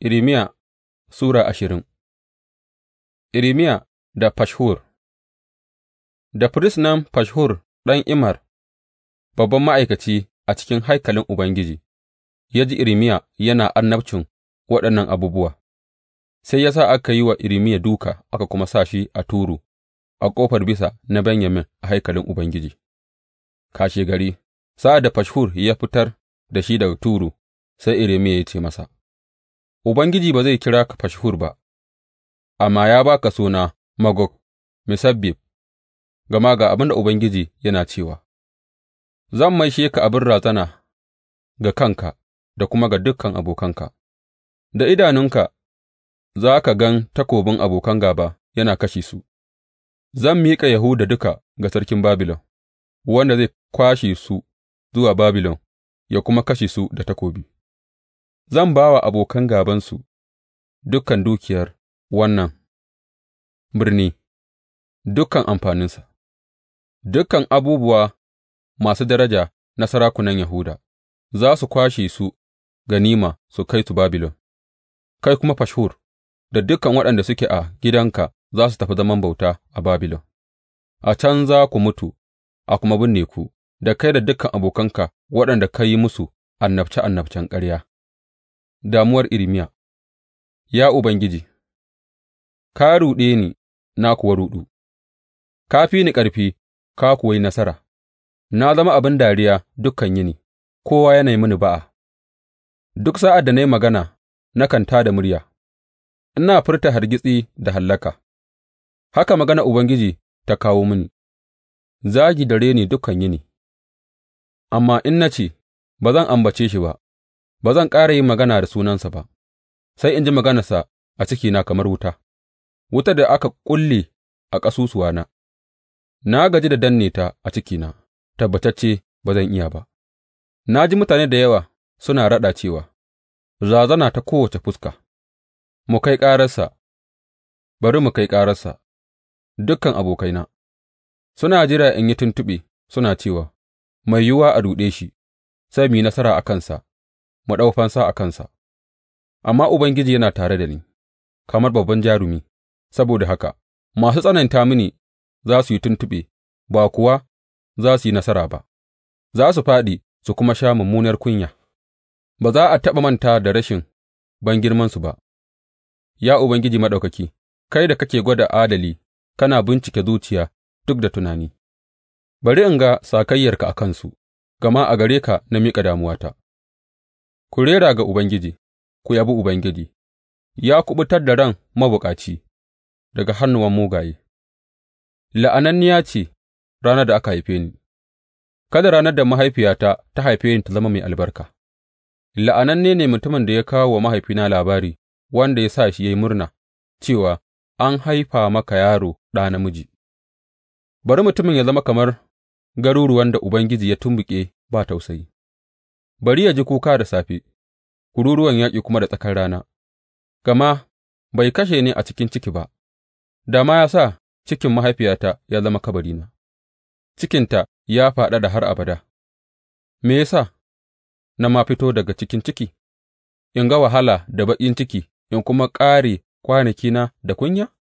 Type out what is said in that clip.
Irmiya Sura ashirin Irmiya da Fashhur Da firist nan Fashhur ɗan imar babban ma'aikaci a cikin haikalin Ubangiji, ya ji Irmiya yana annabcin waɗannan abubuwa, sai ya sa aka yi wa Irmiya duka aka kuma sa shi a turu a ƙofar bisa na Benyamin a haikalin Ubangiji. gari sa'ad da Fashhur ya fitar da shi daga turu, sai Irmiya ya ce masa. Ubangiji ba zai kira ka Fashhur ba, amma ya ba ka suna Magog sabbib. gama ga abin da Ubangiji yana cewa, Zan maishe ka abin razana ga kanka da kuma ga dukan abokanka, da idanunka za ka gan takobin abokan gaba yana kashe su, zan miƙa Yahuda duka ga sarkin Babilon, wanda zai kwashe su zuwa Babilon ya kuma kashe su da takobi. zan ba wa abokan gābansu dukan dukiyar wannan birni, dukan amfaninsa, dukan abubuwa masu daraja na sarakunan Yahuda, za su kwashe su ganima su kai su Babilon, kai kuma Fashur, da dukan waɗanda suke a gidanka za su tafi zaman bauta a Babilon, a can za ku mutu a kuma binne ku, da kai da dukan abokanka waɗanda ka yi musu annabce annabcen ƙarya. Damuwar Irmiya Ya Ubangiji, ka ruɗe ni, na kuwa ruɗu; ka fi ni ƙarfi, ka kuwa yi nasara; na zama abin dariya dukan yini, kowa yana yi mini ba'a, duk sa'ad da na yi magana nakan tā da murya, ina furta hargitsi da hallaka, haka magana Ubangiji ta kawo mini, zagi da reni dukan yini; amma in na ce, Ba zan ambace shi ba,’ ba zan ƙara yin magana da sunansa ba, sai in ji maganarsa a cikina kamar wuta, wutar da aka ƙulle a ƙasusuwana, na gaji da danne ta a cikina, tabbatacce ba zan iya ba. Na ji mutane da yawa suna raɗa cewa, Razana ta kowace fuska, mu kai ƙararsa, bari mu kai ƙararsa, dukan abokaina, suna jira in yi tuntuɓe suna cewa, Mai yiwuwa a ruɗe shi, sai mu yi nasara a kansa. mu fansa a kansa, amma Ubangiji yana tare da ni, kamar babban jarumi, saboda haka masu tsananta mini za su yi tuntuɓe, ba kuwa za su yi nasara ba, za su fāɗi su kuma sha mummunar kunya, ba za a taɓa manta da rashin bangirmansu ba. Ya Ubangiji Maɗaukaki, kai da kake gwada adali, kana bincike zuciya duk da tunani, bari in ga sakayyarka a kansu, gama a gare ka na miƙa damuwata. Ku rera ga Ubangiji, ku yabi Ubangiji; ya kuɓutar da ran mabukaci daga hannuwan mugaye, La'ananniya ce ranar da aka haife ni, kada ranar da mahaifiyata ta haife ni ta zama mai albarka; la'ananne ne mutumin da ya kawo wa mahaifina labari wanda ya sa shi ya yi murna cewa, An haifa maka yaro ɗa namiji. Bari mutumin ya zama kamar garuruwan da Ubangiji ya tumɓuke ba tausayi. Bari yă ji kuka da safe, kururuwan yaƙi kuma da tsakar rana, gama bai kashe ni a cikin ciki ba, da ma ya sa cikin mahaifiyata ya zama kabarina, cikinta ya faɗa da har abada, me ya sa na ma fito daga cikin ciki, in ga wahala da baƙin ciki in kuma ƙare kwanakina da kunya?